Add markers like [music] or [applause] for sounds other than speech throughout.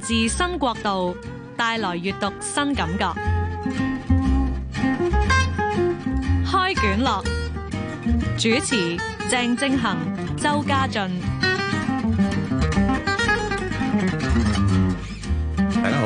自新國度帶來閱讀新感覺。開卷樂主持鄭政恆、周家俊。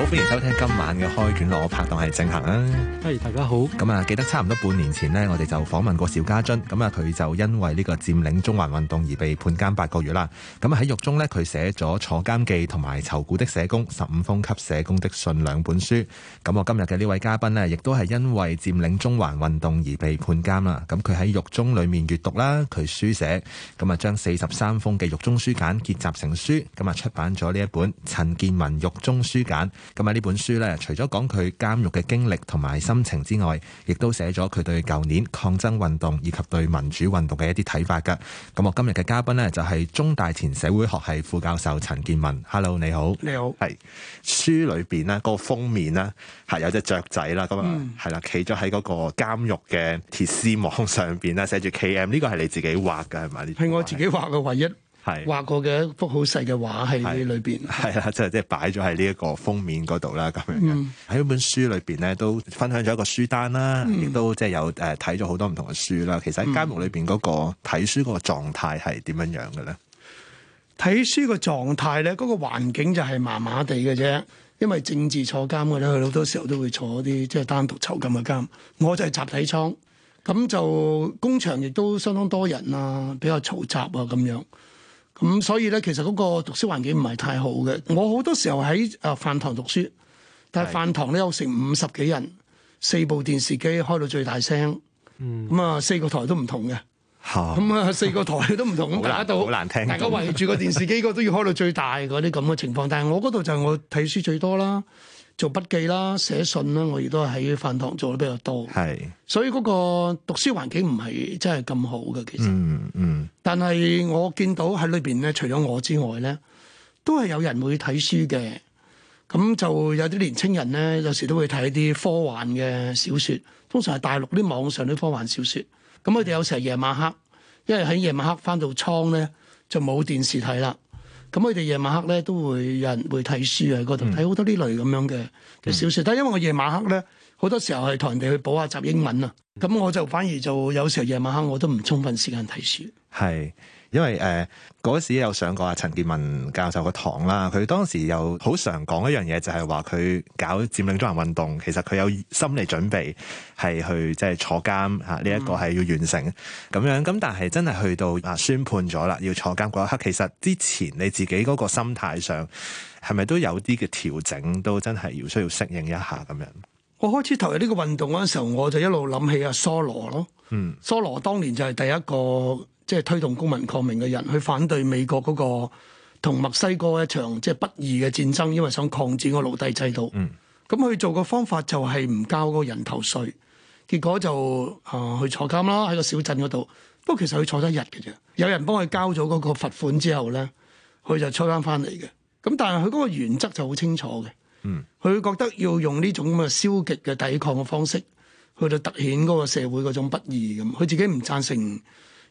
歡迎收聽今晚嘅開卷攞拍檔係正行啦。大家好，咁啊，記得差唔多半年前呢，我哋就訪問過邵家臻，咁啊，佢就因為呢個佔領中環運動而被判監八個月啦。咁喺獄中呢，佢寫咗《坐監記》同埋《籌股的社工》十五封給社工的信兩本書。咁我今日嘅呢位嘉賓呢，亦都係因為佔領中環運動而被判監啦。咁佢喺獄中裏面閱讀啦，佢書寫，咁啊，將四十三封嘅獄中書簡結集成書，咁啊，出版咗呢一本《陳健民獄中書簡》。咁啊！呢本書咧，除咗講佢監獄嘅經歷同埋心情之外，亦都寫咗佢對舊年抗爭運動以及對民主運動嘅一啲睇法㗎。咁我今日嘅嘉賓咧，就係中大前社會學系副教授陳健民。Hello，你好。你好。係書裏邊呢個封面啦，係有隻雀仔啦，咁啊、嗯，係啦，企咗喺嗰個監獄嘅鐵絲網上邊啦，寫住 K M。呢個係你自己畫嘅係咪？係我自己畫嘅唯一。係畫是過嘅一幅好細嘅畫喺裏邊，係啦是，即係即係擺咗喺呢一個封面嗰度啦，咁樣嘅喺本書裏邊咧，都分享咗一個書單啦，亦都即係有誒睇咗好多唔同嘅書啦。其實喺監獄裏邊嗰個睇、嗯、書嗰個狀態係點樣樣嘅咧？睇書嘅狀態咧，嗰個環境就係麻麻地嘅啫，因為政治坐監嘅咧，佢好多時候都會坐啲即係單獨囚禁嘅監，我就係集體倉，咁就工場亦都相當多人啊，比較嘈雜啊，咁樣。咁、嗯、所以咧，其實嗰個讀書環境唔係太好嘅。我好多時候喺誒、呃、飯堂讀書，但係飯堂咧有成五十幾人，四部電視機開到最大聲，咁啊、嗯嗯、四個台都唔同嘅，咁啊 [laughs] 四個台都唔同，大家 [laughs] 打到好難聽，大家圍住個電視機，個都要開到最大嗰啲咁嘅情況。 [laughs] 但係我嗰度就係我睇書最多啦。做筆記啦、寫信啦，我亦都係喺飯堂做得比較多。係是，所以嗰個讀書環境唔係真係咁好嘅，其實。嗯嗯。嗯但係我見到喺裏邊咧，除咗我之外咧，都係有人會睇書嘅。咁就有啲年輕人咧，有時都會睇一啲科幻嘅小説，通常係大陸啲網上啲科幻小説。咁佢哋有時係夜晚黑，因為喺夜晚黑返到倉咧，就冇電視睇啦。咁我哋夜晚黑咧都會有人會睇書，喺嗰度睇好多呢類咁樣嘅嘅小説。嗯，但係因為我夜晚黑咧好多時候係同人哋去補下習英文啊，咁我就反而就有時候夜晚黑我都唔充分時間睇書。係。因為誒嗰、呃、時有上過阿陳健民教授嘅堂啦，佢當時又好常講一樣嘢，就係話佢搞佔領中環運動，其實佢有心理準備係去即係坐監吓，呢、這、一個係要完成咁樣。咁但係真係去到啊宣判咗啦，要坐監嗰一刻，其實之前你自己嗰個心態上係咪都有啲嘅調整，都真係要需要適應一下咁樣。我開始投入呢個運動嗰陣時候，我就一路諗起阿梭羅咯。嗯，梭羅當年就係第一個即係推動公民抗命嘅人，去反對美國嗰個同墨西哥一場即係不義嘅戰爭，因為想抗戰個奴隸制度。嗯，咁佢做嘅方法就係唔交嗰個人頭稅，結果就啊、去、呃、坐監啦，喺個小鎮嗰度。不過其實佢坐得一日嘅啫，有人幫佢交咗嗰個罰款之後咧，佢就出翻翻嚟嘅。咁但係佢嗰個原則就好清楚嘅。嗯，佢覺得要用呢種咁嘅消極嘅抵抗嘅方式。去到突顯嗰個社會嗰種不義咁，佢自己唔贊成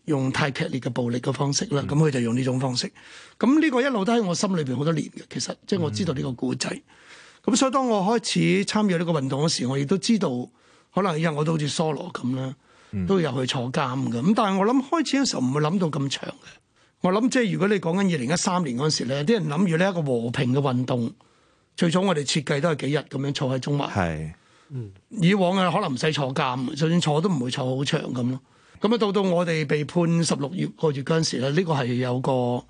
用太劇烈嘅暴力嘅方式啦，咁佢、嗯、就用呢種方式。咁呢個一路都喺我心裏邊好多年嘅，其實即係我知道呢個故仔。咁所以當我開始參與呢個運動嘅時候，我亦都知道可能以後我都好似梭羅咁啦，都會入去坐監嘅。咁但係我諗開始嘅時候唔會諗到咁長嘅。我諗即係如果你講緊二零一三年嗰時咧，啲人諗住呢一個和平嘅運動，最早我哋設計都係幾日咁樣坐喺中環。嗯，以往啊可能唔使坐監，就算坐都唔會坐好長咁咯。咁啊到到我哋被判十六月個月嗰陣時咧，呢、這個係有個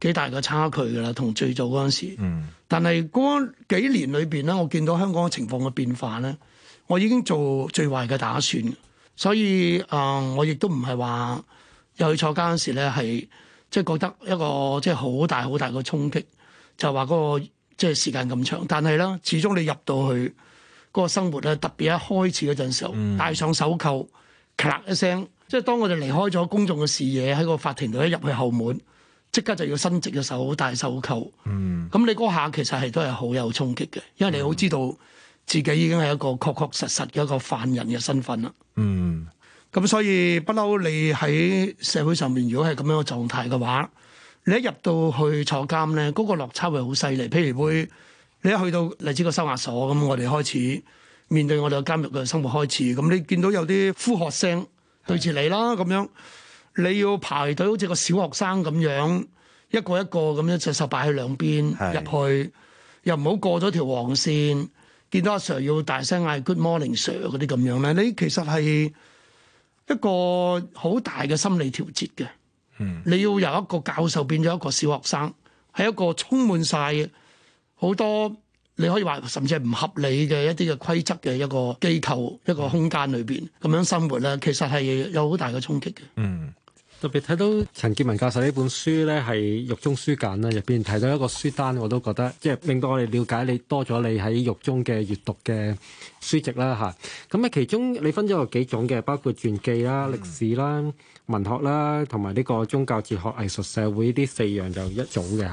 幾大嘅差距噶啦，同最早嗰陣時。嗯，但係嗰幾年裏邊咧，我見到香港嘅情況嘅變化咧，我已經做最壞嘅打算，所以誒、呃、我亦都唔係話又去坐監嗰時咧，係即係覺得一個即係好大好大嘅衝擊，就話、是、嗰個即係時間咁長。但係咧，始終你入到去。個生活咧，特別一開始嗰陣時候，戴、嗯、上手扣，咔一聲，即係當我哋離開咗公眾嘅視野，喺個法庭度一入去後門，即刻就要伸直嘅手戴手扣。咁、嗯、你嗰下其實係都係好有衝擊嘅，因為你好知道自己已經係一個確確實實嘅一個犯人嘅身份啦。咁、嗯、所以不嬲，你喺社會上面如果係咁樣嘅狀態嘅話，你一入到去坐監咧，嗰、那個落差會好犀利，譬如會。你一去到荔枝角收押所咁，我哋開始面對我哋嘅監獄嘅生活開始。咁你見到有啲呼喝聲對住你啦咁樣，你要排隊，好似個小學生咁樣，一個一個咁樣，隻手擺喺兩邊入是去，又唔好過咗條黃線。見到阿、啊、Sir 要大聲嗌 Good morning Sir 嗰啲咁樣咧，你其實係一個好大嘅心理調節嘅。嗯、你要由一個教授變咗一個小學生，係一個充滿晒。好多你可以話，甚至係唔合理嘅一啲嘅規則嘅一個機構，一個空間裏邊咁樣生活咧，其實係有好大嘅衝擊嘅。嗯。 [noise] 特別睇到陳健民教授呢本書咧，係《獄中書簡》啦，入邊提到一個書單，我都覺得即係令到我哋了解你多咗你喺獄中嘅閱讀嘅書籍啦，吓。咁啊，嗯、其中你分咗有幾種嘅，包括傳記啦、歷史啦、文學啦，同埋呢個宗教、哲學、藝術、社會呢啲四樣就一組嘅。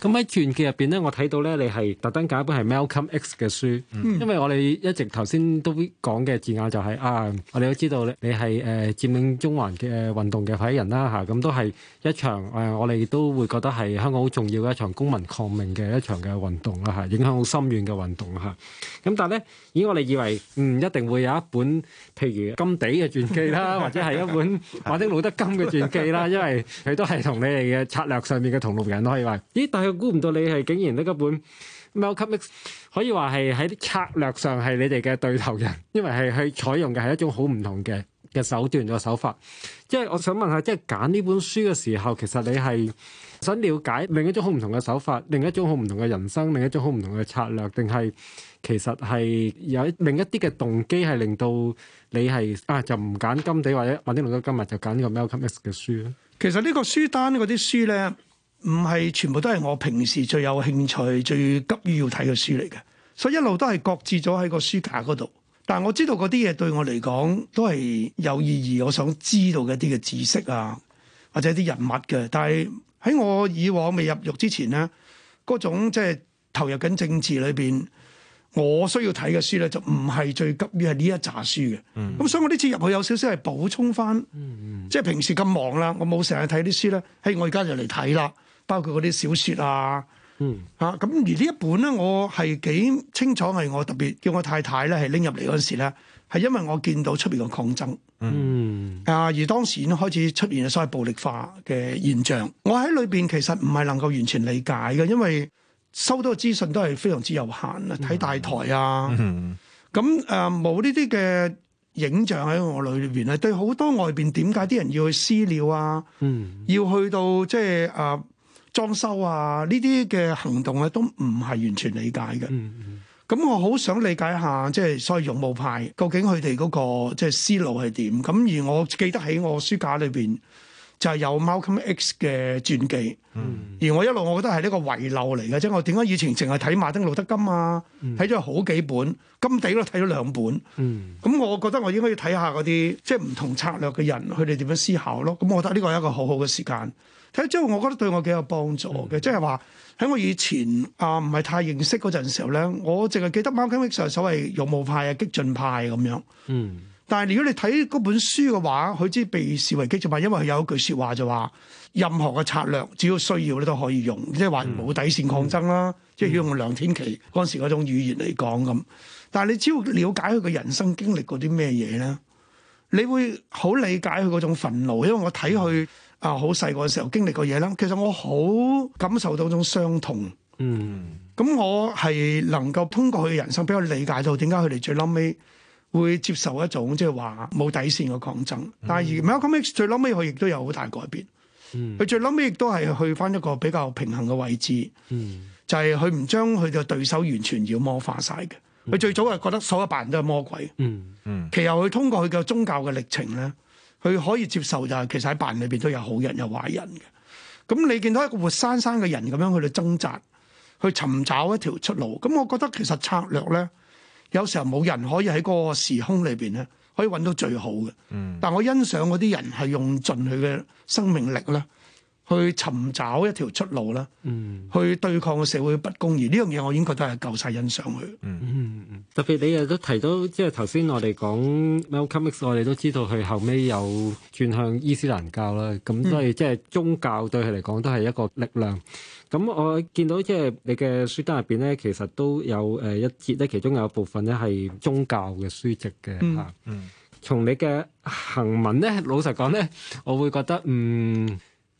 咁喺傳記入邊咧，我睇到咧，你係特登揀一本係《Malcolm X》嘅書，因為我哋一直頭先都講嘅字眼就係、是、啊，我哋都知道你你係誒佔領中環嘅運動嘅人啦嚇，咁都係一場誒，我哋都會覺得係香港好重要嘅一場公民抗命嘅一場嘅運動啦嚇，影響好深遠嘅運動嚇。咁但係咧，咦？我哋以為唔一定會有一本譬如甘地嘅傳記啦，或者係一本馬丁路德金嘅傳記啦，因為佢都係同你哋嘅策略上面嘅同路人可以話。咦？但係估唔到你係竟然呢一本 Malcolm X 可以話係喺啲策略上係你哋嘅對頭人，因為係佢採用嘅係一種好唔同嘅。嘅手段，個手法，即係我想問下，即係揀呢本書嘅時候，其實你係想了解另一種好唔同嘅手法，另一種好唔同嘅人生，另一種好唔同嘅策略，定係其實係有另一啲嘅動機係令到你係啊就唔揀金地，或者或者落到今日就揀呢個 Malcolm X 嘅書咧？其實呢個書單嗰啲書咧，唔係全部都係我平時最有興趣、最急於要睇嘅書嚟嘅，所以一路都係擱置咗喺個書架嗰度。但我知道嗰啲嘢對我嚟講都係有意義，我想知道嘅一啲嘅知識啊，或者啲人物嘅。但係喺我以往未入獄之前咧，嗰種即係投入緊政治裏邊，我需要睇嘅書咧就唔係最急於係呢一紮書嘅。咁、mm hmm. 所以我呢次入去有少少係補充返，即係平時咁忙啦，我冇成日睇啲書咧，嘿，我而家就嚟睇啦，包括嗰啲小説啊。嗯，吓咁而呢一本咧，我係幾清楚係我特別叫我太太咧係拎入嚟嗰時咧，係因為我見到出邊個抗爭，嗯啊，而當時已經開始出現啊，所謂暴力化嘅現象，我喺裏邊其實唔係能夠完全理解嘅，因為收到嘅資訊都係非常之有限啊，睇大台啊，咁誒冇呢啲嘅影像喺我裏邊咧，對好多外邊點解啲人要去私了啊，嗯、要去到即係啊。呃裝修啊，呢啲嘅行動咧都唔係完全理解嘅。咁 [noise] 我好想理解下，即係所謂勇武派究竟佢哋嗰個即係思路係點？咁而我記得喺我書架裏邊。就係有《Malcolm X》嘅傳記，嗯、而我一路我覺得係呢個遺漏嚟嘅，即、就是、我點解以前淨係睇馬丁路德金啊，睇咗、嗯、好幾本，甘地都睇咗兩本。咁、嗯嗯、我覺得我應該要睇下嗰啲即係唔同策略嘅人，佢哋點樣思考咯。咁我覺得呢個係一個好好嘅時間。睇之後，我覺得對我幾有幫助嘅，即係話喺我以前啊唔係太認識嗰陣時候咧，我淨係記得《Malcolm X》係所謂勇武派啊、激進派咁樣。嗯。但係如果你睇嗰本書嘅話，佢之被視為激進派，因為佢有一句説話就話：任何嘅策略只要需要你都可以用，即係話冇底線抗爭啦。嗯、即係用梁天琦嗰、嗯、時嗰種語言嚟講咁。但係你只要了解佢嘅人生經歷過啲咩嘢咧，你會好理解佢嗰種憤怒，因為我睇佢啊好細個嘅時候經歷過嘢啦。其實我好感受到種傷痛。嗯，咁我係能夠通過佢嘅人生比較理解到點解佢哋最嬲尾。會接受一種即係話冇底線嘅抗爭，但係而咪我咁最嬲尾佢亦都有好大改變。佢、嗯、最嬲尾亦都係去翻一個比較平衡嘅位置。嗯、就係佢唔將佢嘅對手完全妖魔化晒嘅。佢最早係覺得所有白人都係魔鬼。嗯嗯、其後佢通過佢嘅宗教嘅歷程咧，佢可以接受就係其實喺白人裏邊都有好人有壞人嘅。咁你見到一個活生生嘅人咁樣去度掙扎，去尋找一條出路。咁我覺得其實策略咧。有時候冇人可以喺個時空裏邊咧，可以搵到最好嘅。嗯，但我欣賞嗰啲人係用盡佢嘅生命力啦。去尋找一條出路啦，去對抗社會嘅不公義，而呢樣嘢我已經覺得係夠曬欣賞佢。嗯嗯嗯，特別你又都提到，即係頭先我哋講 Malcolm X，我哋都知道佢後尾有轉向伊斯蘭教啦，咁所以即係宗教對佢嚟講都係一個力量。咁我見到即係你嘅書單入邊咧，其實都有誒一節咧，其中有一部分咧係宗教嘅書籍嘅嚇。嗯，從你嘅行文咧，老實講咧，我會覺得嗯，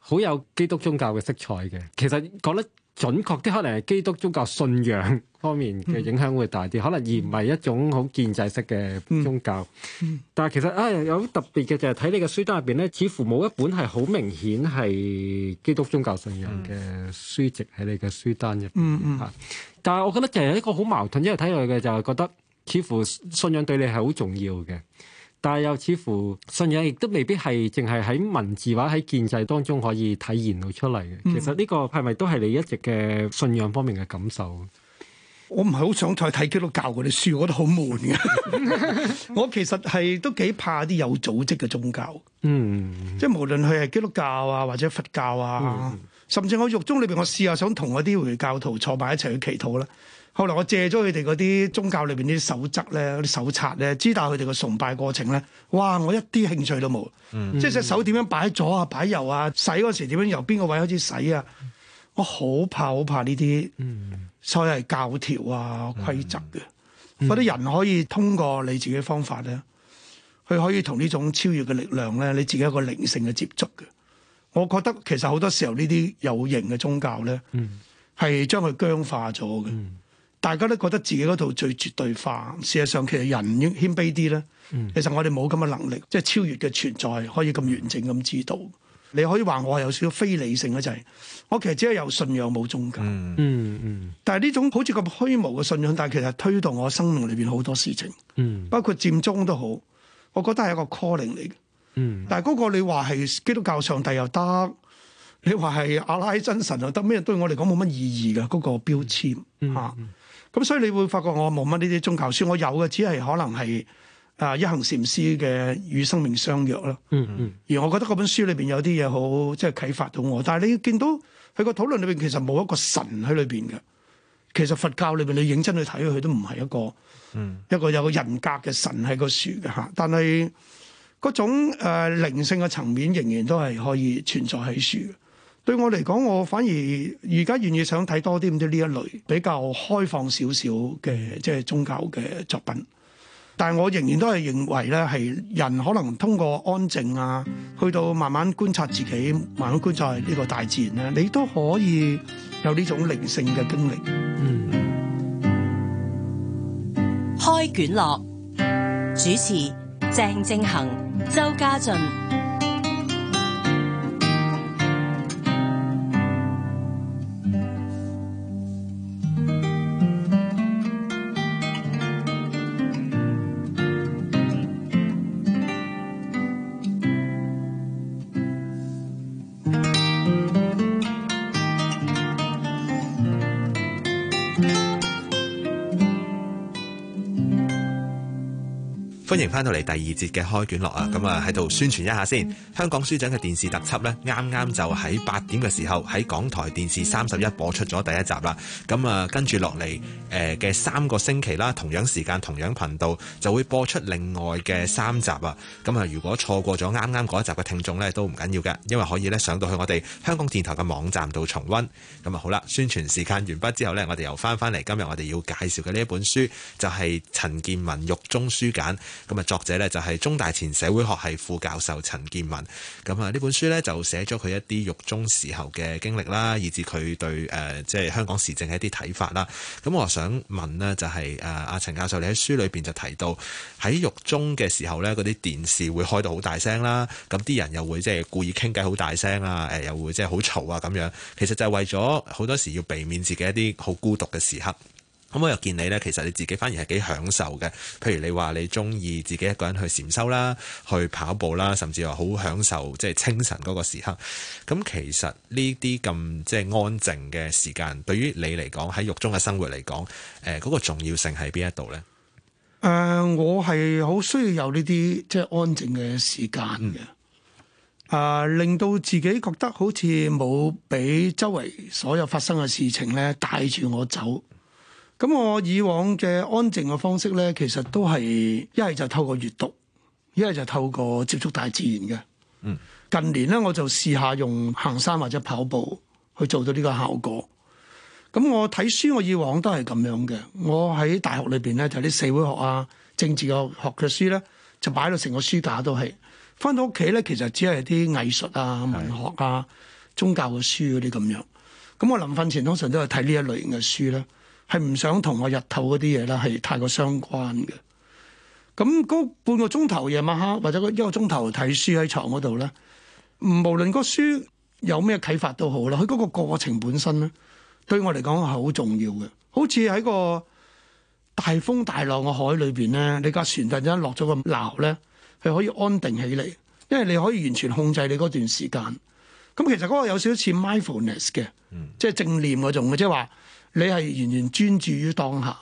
好有基督宗教嘅色彩嘅，其實講得準確啲，可能係基督宗教信仰方面嘅影響會大啲，可能而唔係一種好建制式嘅宗教。但係其實啊，有特別嘅就係睇你嘅書單入邊咧，似乎冇一本係好明顯係基督宗教信仰嘅書籍喺你嘅書單入邊嚇。但係我覺得就係一個好矛盾，因為睇落去嘅就係覺得似乎信仰對你係好重要嘅。但係又似乎信仰亦都未必係淨係喺文字話喺建制當中可以體現到出嚟嘅。其實呢個係咪都係你一直嘅信仰方面嘅感受？我唔係好想再睇基督教嗰啲書，我覺得好悶嘅。我其實係都幾怕啲有組織嘅宗教。嗯，即係無論佢係基督教啊，或者佛教啊，嗯，甚至我獄中裏邊，我試下想同嗰啲回教徒坐埋一齊去祈禱啦。後來我借咗佢哋嗰啲宗教裏邊啲守則咧、啲手冊咧，知道佢哋個崇拜過程咧。哇！我一啲興趣都冇，嗯、即係隻手點樣擺左啊、擺右啊，洗嗰時點樣由邊個位開始洗啊？我好怕、好怕呢啲，所謂教條啊、規則嘅。我覺、嗯嗯、人可以通過你自己方法咧，佢可以同呢種超越嘅力量咧，你自己一個靈性嘅接觸嘅。我覺得其實好多時候呢啲有形嘅宗教咧，係、嗯、將佢僵化咗嘅。嗯大家都覺得自己嗰度最絕對化，事實上其實人應謙卑啲咧。嗯、其實我哋冇咁嘅能力，即係超越嘅存在可以咁完整咁知道。你可以話我係有少少非理性嘅就係、是，我其實只係有信仰冇宗教。嗯嗯、但係呢種好似咁虛無嘅信仰，但係其實推動我生命裏邊好多事情。嗯、包括佔中都好，我覺得係一個 calling 嚟嘅。嗯、但係嗰個你話係基督教上帝又得，你話係阿拉真神又得，咩對我嚟講冇乜意義嘅嗰、那個標籤、嗯嗯嗯咁、嗯、所以你會發覺我冇乜呢啲宗教書，我有嘅只係可能係啊、呃、一行禪師嘅《與生命相約》咯。嗯嗯。而我覺得嗰本書裏邊有啲嘢好，即係啟發到我。但係你見到佢個討論裏邊，其實冇一個神喺裏邊嘅。其實佛教裏邊你認真去睇，佢都唔係一個，嗯、一個有個人格嘅神喺個樹嘅吓。但係嗰種誒呃、靈性嘅層面，仍然都係可以存在喺樹嘅。對我嚟講，我反而而家願意想睇多啲咁多呢一類比較開放少少嘅即係宗教嘅作品。但係我仍然都係認為咧，係人可能通過安靜啊，去到慢慢觀察自己，慢慢觀察呢個大自然咧，你都可以有呢種靈性嘅經歷。嗯嗯。開卷樂，主持鄭正恒、周家俊。歡迎翻到嚟第二節嘅開卷樂啊！咁啊喺度宣傳一下先，香港書展嘅電視特輯呢，啱啱就喺八點嘅時候喺港台電視三十一播出咗第一集啦。咁啊跟住落嚟誒嘅三個星期啦，同樣時間同樣頻道就會播出另外嘅三集啊。咁啊如果錯過咗啱啱嗰一集嘅聽眾呢，都唔緊要嘅，因為可以呢上到去我哋香港電台嘅網站度重温。咁啊好啦，宣傳時間完畢之後呢，我哋又翻翻嚟今日我哋要介紹嘅呢一本書就係、是、陳健民獄中書簡。咁啊，作者咧就係中大前社會學系副教授陳健民。咁啊，呢本書咧就寫咗佢一啲獄中時候嘅經歷啦，以至佢對誒即係香港時政嘅一啲睇法啦。咁我想問呢、就係，就係誒阿陳教授，你喺書裏邊就提到喺獄中嘅時候咧，嗰啲電視會開到好大聲啦，咁啲人又會即係故意傾偈好大聲啊，誒、呃、又會即係好嘈啊咁樣。其實就係為咗好多時要避免自己一啲好孤獨嘅時刻。咁我又見你咧，其實你自己反而係幾享受嘅。譬如你話你中意自己一個人去禪修啦，去跑步啦，甚至話好享受即係清晨嗰個時刻。咁其實呢啲咁即係安靜嘅時間，對於你嚟講喺獄中嘅生活嚟講，誒、那、嗰個重要性係邊一度咧？誒、呃，我係好需要有呢啲即係安靜嘅時間嘅。誒、嗯呃，令到自己覺得好似冇俾周圍所有發生嘅事情咧帶住我走。咁我以往嘅安靜嘅方式咧，其實都係一係就透過閱讀，一係就透過接觸大自然嘅。嗯，近年咧，我就試下用行山或者跑步去做到呢個效果。咁我睇書，我以往都係咁樣嘅。我喺大學裏邊咧，就啲社會學啊、政治學學嘅書咧，就擺到成個書架都係。翻到屋企咧，其實只係啲藝術啊、文學啊、是宗教嘅書嗰啲咁樣。咁我臨瞓前通常都係睇呢一類型嘅書咧。係唔想同我日頭嗰啲嘢啦，係太過相關嘅。咁嗰半個鐘頭夜晚黑，或者一個鐘頭睇書喺床嗰度咧，無論個書有咩啟發都好啦。佢嗰個過程本身咧，對我嚟講係好重要嘅。好似喺個大風大浪嘅海裏邊咧，你架船突然間落咗個錨咧，係可以安定起嚟，因為你可以完全控制你嗰段時間。咁其實嗰個有少少似 mindfulness 嘅，即係正念嗰種嘅，即係話。你係完全專注於當下，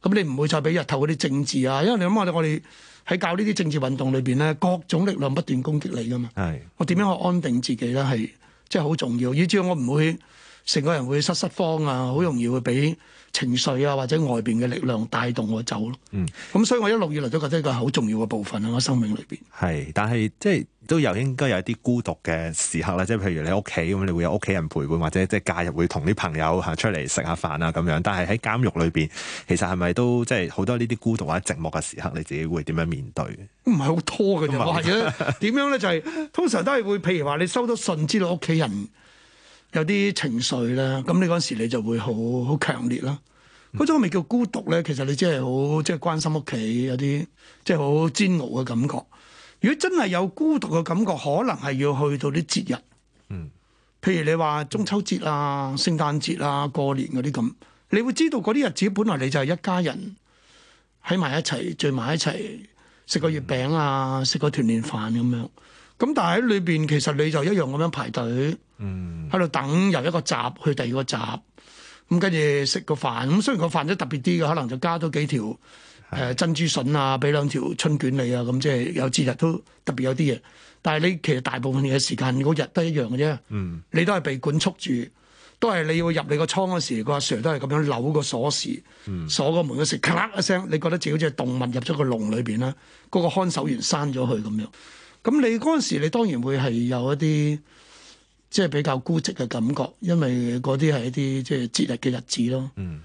咁你唔會再俾日頭嗰啲政治啊，因為你諗下，我哋喺教呢啲政治運動裏邊咧，各種力量不斷攻擊你噶嘛。是我點樣去安定自己咧？係即係好重要，以至於我唔會成個人會失失慌啊，好容易會俾，情緒啊，或者外邊嘅力量帶動我走咯。嗯，咁、嗯、所以我一路以來都覺得一個好重要嘅部分喺我生命裏邊。係，但係即係都有應該有一啲孤獨嘅時刻啦。即係譬如你屋企咁，你會有屋企人陪伴，或者即係假日會同啲朋友嚇出嚟食下飯啊咁樣。但係喺監獄裏邊，其實係咪都即係好多呢啲孤獨或者寂寞嘅時刻，你自己會點樣面對？唔係好拖㗎， [laughs] 或者點樣咧？就係、是、通常都係會，譬如話你收到信知道屋企人。有啲情緒啦，咁你嗰時你就會好好強烈啦。嗰種咪叫孤獨咧，其實你真係好即係關心屋企，有啲即係好煎熬嘅感覺。如果真係有孤獨嘅感覺，可能係要去到啲節日，嗯，譬如你話中秋節啊、聖誕節啊、過年嗰啲咁，你會知道嗰啲日子本來你就係一家人喺埋一齊聚埋一齊食個月餅啊、食個團年飯咁樣。咁但係喺裏邊其實你就一樣咁樣排隊，嗯。喺度等由一個閘去第二個閘，咁跟住食個飯。咁雖然個飯都特別啲嘅，可能就加多幾條誒、呃、珍珠筍啊，俾兩條春捲你啊，咁即係有節日都特別有啲嘢。但係你其實大部分嘅時間，嗰日都一樣嘅啫。你都係被管束住，都係你要入你個倉嗰時，個阿、mm. 啊、Sir 都係咁樣扭個鎖匙，mm. 鎖個門嗰時，咔一聲，你覺得自己好似動物入咗個籠裏邊啦。嗰、嗰個看守員閂咗佢咁樣。咁你嗰陣時，你當然會係有一啲。即係比較孤寂嘅感覺，因為嗰啲係一啲即係節日嘅日子咯。嗯，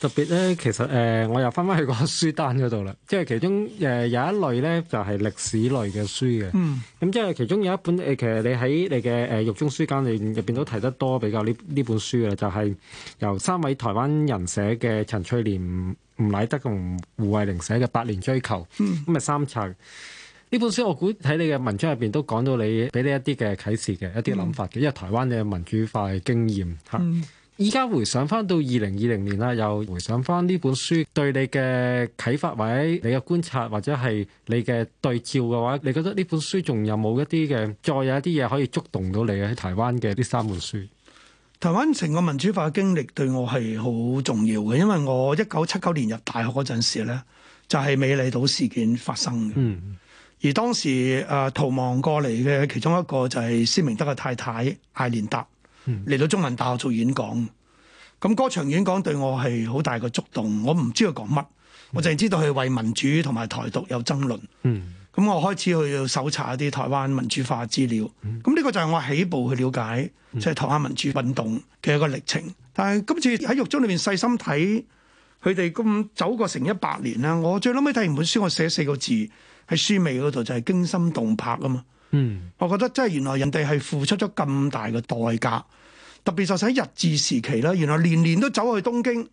特別咧，其實誒、呃，我又翻返去個書單嗰度啦。即係其中誒有一類咧，就係、是、歷史類嘅書嘅。嗯，咁即係其中有一本誒，其實你喺你嘅誒獄中書簡裏入邊都睇得多比較呢呢本書嘅，就係、是、由三位台灣人寫嘅陳翠蓮、吳乃德同胡慧玲寫嘅《百年追求》，咁咪、嗯、三冊。呢本書我估睇你嘅文章入邊都講到，你俾你一啲嘅啟示嘅、嗯、一啲諗法嘅。因為台灣嘅民主化嘅經驗吓，依家、嗯、回想翻到二零二零年啦，又回想翻呢本書對你嘅啟發，或者你嘅觀察，或者係你嘅對照嘅話，你覺得呢本書仲有冇一啲嘅再有一啲嘢可以觸動到你？喺台灣嘅呢三本書，台灣成個民主化嘅經歷對我係好重要嘅，因為我一九七九年入大學嗰陣時咧，就係、是、美麗島事件發生嘅。嗯而當時誒逃亡過嚟嘅其中一個就係施明德嘅太太艾琳達嚟到中文大學做演講，咁個場演講對我係好大嘅觸動。我唔知道講乜，我淨係知道佢為民主同埋台獨有爭論。咁我開始去搜查一啲台灣民主化資料。咁呢個就係我起步去了解即係、就是、台灣民主運動嘅一個歷程。但係今次喺獄中裏面細心睇佢哋咁走過成一百年啦。我最後尾睇完本書，我寫四個字。喺書尾嗰度就係驚心動魄啊嘛！嗯，我覺得真係原來人哋係付出咗咁大嘅代價，特別就係喺日治時期咧，原來年年都走去東京，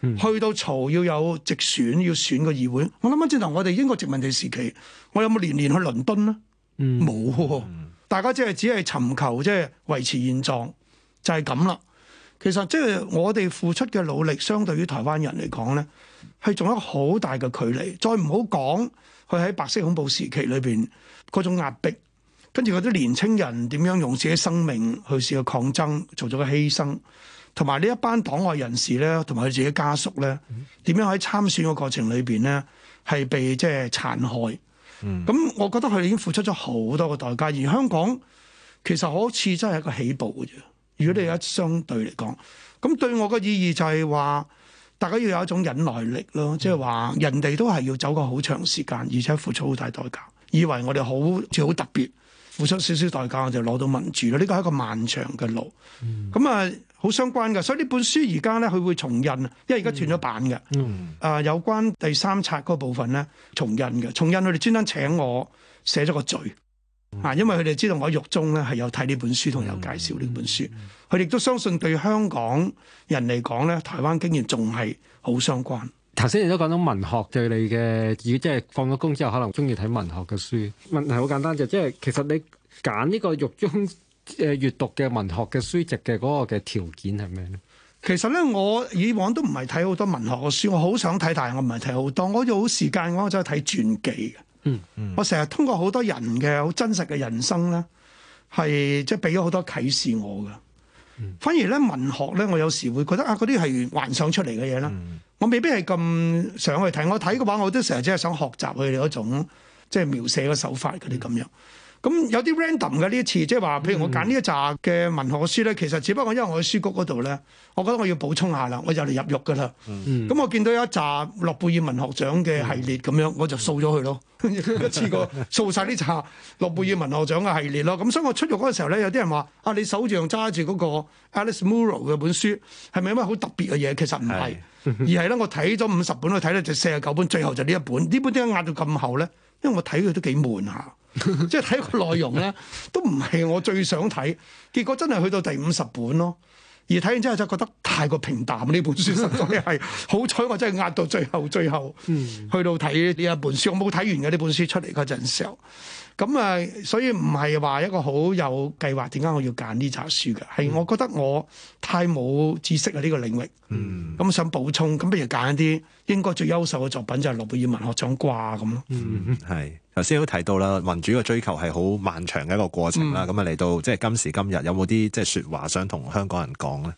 嗯、去到嘈要有直選要選個議會。我諗返轉頭，我哋英國殖民地時期，我有冇年年去倫敦咧？冇、嗯，大家即係只係尋求即係、就是、維持現狀，就係咁啦。其實即係我哋付出嘅努力，相對於台灣人嚟講咧，係仲有好大嘅距離。再唔好講。佢喺白色恐怖時期裏邊嗰種壓迫，跟住嗰啲年青人點樣用自己生命去試去抗爭，做咗個犧牲，同埋呢一班黨外人士咧，同埋佢自己家屬咧，點樣喺參選嘅過程裏邊咧，係被即係、就是、殘害。嗯，咁我覺得佢哋已經付出咗好多個代價，而香港其實好似真係一個起步嘅啫。如果你一相對嚟講，咁對我嘅意義就係話。大家要有一種忍耐力咯，即係話人哋都係要走個好長時間，而且付出好大代價。以為我哋好似好特別，付出少少代價我就攞到民主咯。呢個係一個漫長嘅路，咁啊好相關㗎。所以呢本書而家咧佢會重印，因為而家斷咗版嘅。啊、嗯呃，有關第三冊嗰部分咧重印嘅，重印佢哋專登請我寫咗個序。啊！嗯、因為佢哋知道我獄中咧係有睇呢本書，同有介紹呢本書，佢哋都相信對香港人嚟講咧，台灣經驗仲係好相關。頭先你都講到文學對你嘅，如果即係放咗工之後，可能中意睇文學嘅書。問題好簡單就即係，其實你揀呢個獄中誒閱讀嘅文學嘅書籍嘅嗰個嘅條件係咩咧？其實咧，我以往都唔係睇好多文學嘅書，我好想睇但係我唔係睇好多。我有時間我就睇傳記嘅。嗯，我成日通過好多人嘅好真實嘅人生咧，係即係俾咗好多啟示我噶。反而咧文學咧，我有時會覺得啊，嗰啲係幻想出嚟嘅嘢啦。我未必係咁想去睇，我睇嘅話，我都成日淨係想學習佢哋嗰種即係描寫嘅手法嗰啲咁樣。咁有啲 random 嘅呢一次，即係話，譬如我揀呢一扎嘅文學書咧，其實只不過因為我喺書局嗰度咧，我覺得我要補充下啦，我就嚟入獄噶啦。咁我見到有一扎諾貝爾文學獎嘅系列咁樣，我就掃咗佢咯。 [laughs] 一次過掃晒呢冊，諾貝爾文學獎嘅系列咯。咁所以我出獄嗰時候咧，有啲人話：啊，你手上揸住嗰個《Alice Munro》嘅本書，係咪有咩好特別嘅嘢？其實唔係， [laughs] 而係咧，我睇咗五十本，我睇咧就四十九本，最後就呢一本。一本呢本點解壓到咁後咧？因為我睇佢都幾悶下，即係睇個內容咧都唔係我最想睇。結果真係去到第五十本咯。而睇完之後就覺得太過平淡呢本書， [laughs] 實在係好彩我真係壓到最後最後，去到睇呢一本書，我冇睇完嘅呢本書出嚟嗰陣時候，咁啊，所以唔係話一個好有計劃點解我要揀呢冊書嘅，係我覺得我太冇知識啊呢、呢個領域，咁想補充，咁不如揀一啲應該最優秀嘅作品就係、是、諾貝爾文學獎掛咁咯。嗯， [laughs] 頭先都提到啦，民主嘅追求係好漫長嘅一個過程啦。咁啊嚟到即係今時今日，有冇啲即係說話想同香港人講咧？誒、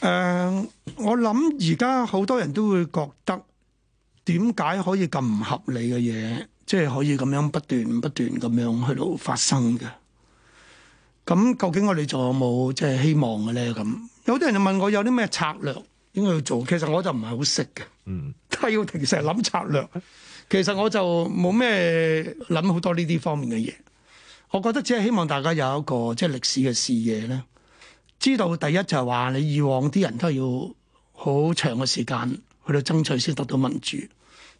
呃，我諗而家好多人都會覺得，點解可以咁唔合理嘅嘢，即係可以咁樣不斷不斷咁樣去到發生嘅？咁究竟我哋仲有冇即係希望嘅咧？咁有啲人就問我有啲咩策略應該要做？其實我就唔係好識嘅。嗯，但係要平時諗策略。其實我就冇咩諗好多呢啲方面嘅嘢，我覺得只係希望大家有一個即係歷史嘅視野咧，知道第一就係話你以往啲人都係要好長嘅時間去到爭取先得到民主，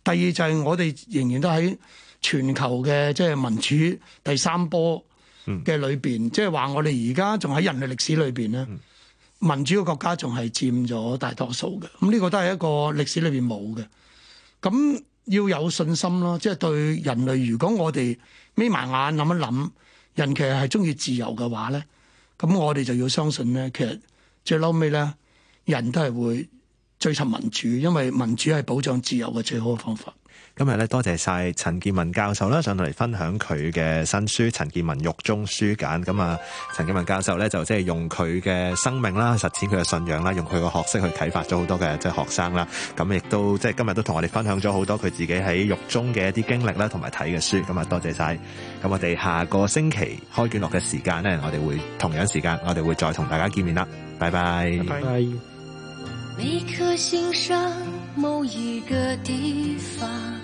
第二就係我哋仍然都喺全球嘅即係民主第三波嘅裏邊，即係話我哋而家仲喺人類歷史裏邊咧，嗯、民主嘅國家仲係佔咗大多數嘅，咁呢個都係一個歷史裏邊冇嘅，咁。要有信心咯，即係對人類，如果我哋眯埋眼諗一諗，人其實係中意自由嘅話咧，咁我哋就要相信咧，其實最嬲尾咧，人都係會追尋民主，因為民主係保障自由嘅最好嘅方法。今日咧，多謝晒陳健民教授啦，上到嚟分享佢嘅新書《陳健民獄中書簡》。咁啊，陳健民教授咧就即係用佢嘅生命啦，實踐佢嘅信仰啦，用佢個學識去啟發咗好多嘅即係學生啦。咁亦都即係今日都同我哋分享咗好多佢自己喺獄中嘅一啲經歷啦，同埋睇嘅書。咁啊，多謝晒。咁我哋下個星期開卷樂嘅時間咧，我哋會同樣時間，我哋會再同大家見面啦。拜拜。每顆心上，一個地方。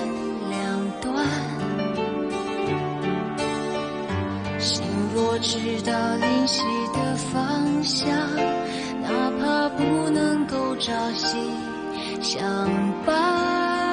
心有靈犀的方向，哪怕不能夠朝夕相伴。